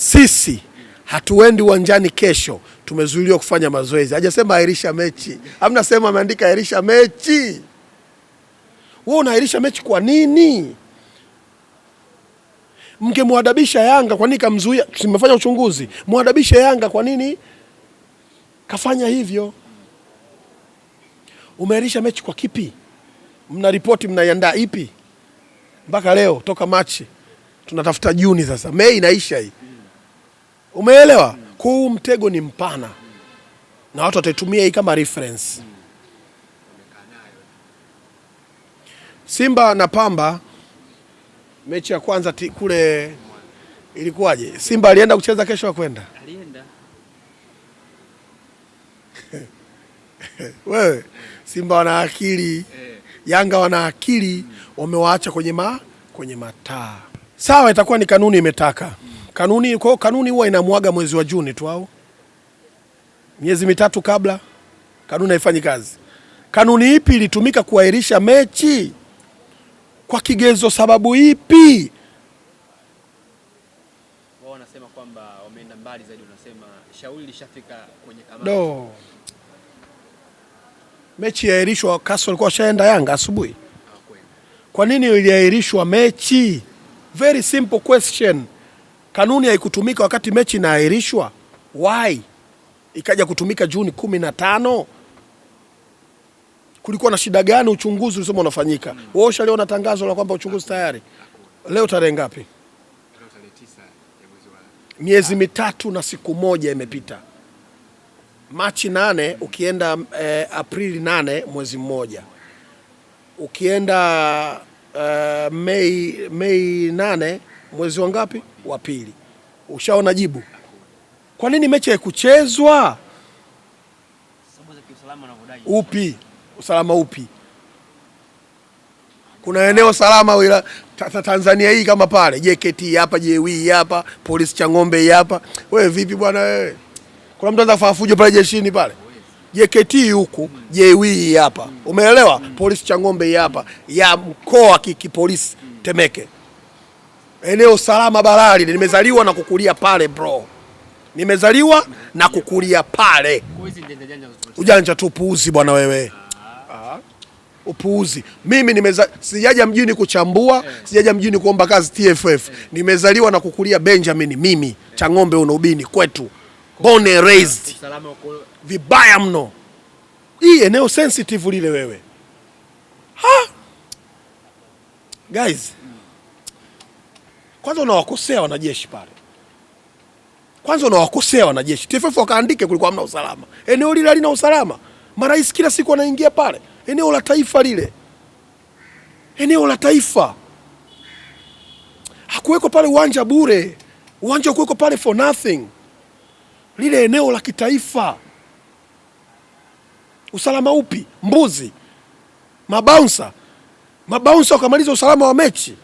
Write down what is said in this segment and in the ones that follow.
sisi hatuendi uwanjani kesho, tumezuiliwa kufanya mazoezi. Hajasema airisha mechi, amna sehemu ameandika airisha mechi. Wewe unaahirisha mechi kwa nini? Mngemwadabisha Yanga kwa nini kamzuia? Simefanya uchunguzi, mwadabishe Yanga kwa nini kafanya hivyo. Umeahirisha mechi kwa kipi? Mna ripoti mnaiandaa ipi? Mpaka leo toka Machi tunatafuta Juni, sasa Mei inaisha hii. Umeelewa? Huu mtego ni mpana na watu wataitumia hii kama reference. Simba na Pamba, mechi ya kwanza kule ilikuwaje? Simba alienda kucheza kesho, akwenda wewe Simba wana akili eh. Yanga wana akili mm. Wamewaacha kwenye ma, kwenye mataa. Sawa, itakuwa ni kanuni imetaka Kanuni kwao, kanuni huwa inamwaga mwezi wa Juni tu au miezi mitatu kabla, kanuni haifanyi kazi. Kanuni ipi ilitumika kuahirisha mechi? Kwa kigezo, sababu ipi? Wao wanasema kwamba wameenda mbali zaidi, wanasema shauri lishafika kwenye kamati. No, mechi iliahirishwa, Kaso alikuwa ashaenda Yanga asubuhi. Ah, kwa nini iliahirishwa mechi? Very simple question kanuni haikutumika wakati mechi inaahirishwa why ikaja kutumika Juni kumi na tano? Kulikuwa na shida gani? Uchunguzi ulisema unafanyika. Hmm. wosha leo na tangazo la kwamba uchunguzi tayari? Leo tarehe ngapi? Miezi mitatu na siku moja imepita. Machi nane ukienda eh, Aprili nane mwezi mmoja ukienda eh, Mei Mei nane mwezi wa ngapi? wa pili. Ushaona jibu kwa nini mechi haikuchezwa? Upi usalama upi? Kuna eneo salama wila, ta, ta, Tanzania hii kama pale JKT hapa JW e hapa polisi cha ng'ombe hapa. Wewe vipi bwana wewe? Kuna mtu anza kufanya fujo pale jeshini pale JKT huku JW e hapa, umeelewa? Polisi cha ng'ombe hapa ya mkoa kikipolisi Temeke eneo salama barali. Nimezaliwa na kukulia pale bro, nimezaliwa na kukulia pale. Ujanja tu, upuuzi bwana wewe, ah. upuuzi. Mimi nimeza sijaja mjini kuchambua, sijaja mjini kuomba kazi TFF. Nimezaliwa na kukulia Benjamin, mimi Chang'ombe unaubini kwetu, born and raised. Vibaya mno, hii eneo sensitive lile wewe, ha guys kwanza unawakosea wanajeshi pale, kwanza unawakosea wanajeshi. TFF wakaandike kulikuwa hamna usalama, eneo lile halina usalama. Marais kila siku wanaingia pale, eneo la taifa lile, eneo la taifa hakuweko pale uwanja bure, uwanja hakuweko pale for nothing, lile eneo la kitaifa. Usalama upi? Mbuzi mabaunsa, mabaunsa wakamaliza usalama wa mechi.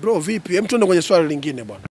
Bro vipi? Hem, tuende kwenye swali lingine bwana.